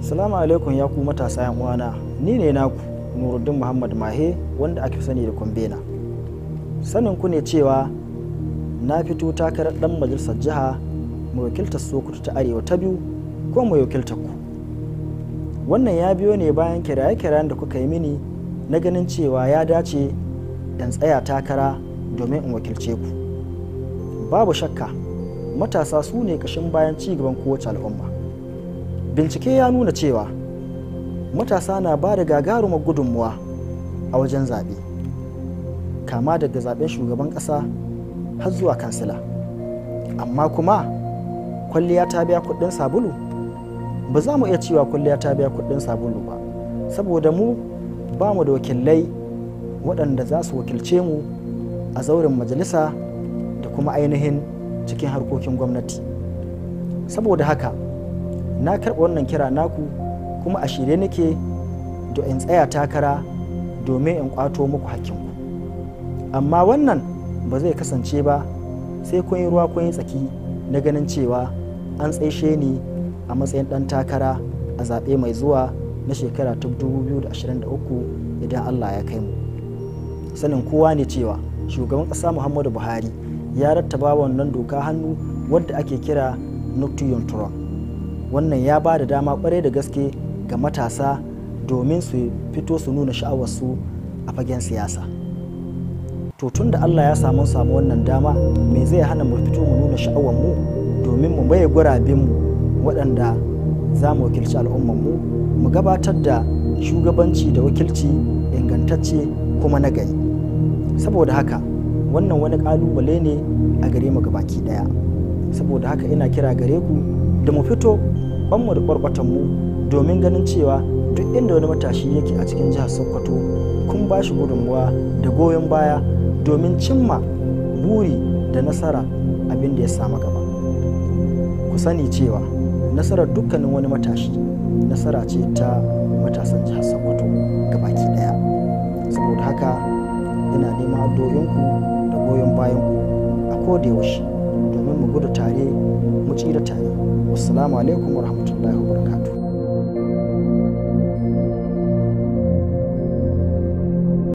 Salamu alaikum ya ku matasa yan uwana, ni ne naku Nuruddin Muhammad Mahe wanda ake sani da Kwambena. Sanin ku ne cewa na fito takarar dan majalisar jiha mai wakiltar Sokoto ta Arewa ta biyu ko mai wakiltar ku. Wannan ya biyo ne bayan kiraye-kirayen da kuka yi mini na ganin cewa ya dace dan tsaya takara domin in wakilce ku. Babu shakka matasa su ne kashin bayan ci gaban kowace al'umma. bincike ya nuna cewa matasa na ba da gagarumar gudunmuwa a wajen zaɓe kama daga zaɓen shugaban ƙasa har zuwa kansila amma kuma kwalliya ta biya kuɗin sabulu ba za mu iya cewa kwalliya ta biya kuɗin sabulu ba saboda mu ba mu da wakilai waɗanda za su wakilce mu a zauren majalisa da kuma ainihin cikin harkokin gwamnati saboda haka na karɓa wannan kira naku kuma a shirye nake da in tsaya takara domin in kwato muku hakkinku amma wannan ba zai kasance ba sai kun yi ruwa kun yi tsaki na ganin cewa an tsaishe ni a matsayin ɗan takara a zaɓe mai zuwa na shekara ta 2023 idan Allah ya kai mu sanin kowa ne cewa shugaban ƙasa Muhammadu Buhari ya rattaba wannan doka hannu wadda ake kira Nuclear Trump wannan ya ba da dama kwarai da gaske ga matasa domin su fito su nuna sha'awarsu a fagen siyasa to tun da allah ya samu samu wannan dama me zai hana mu fito mu nuna mu domin mu maye mu waɗanda za mu wakilci al'ummar mu mu gabatar da shugabanci da wakilci ingantacce kuma na gari saboda haka wannan wani kalubale ne a gare mu gabaki ɗaya saboda haka ina kira gare ku da mu fito ban mu da kwarkwatanmu domin ganin cewa duk inda wani matashi yake a cikin jihar sokoto kun ba shi gudunmuwa da goyon baya domin cimma buri da nasara abin da ya samu gaba ku sani cewa nasarar dukkanin wani matashi nasara ce ta matasan jihar sokoto gabaki ɗaya, saboda haka ina neman addu'o'inku da goyon bayanku a koda yaushe domin mu gudu tare mu tsira tare wassalamu alaikum rahmatullahi wa wabarakatuh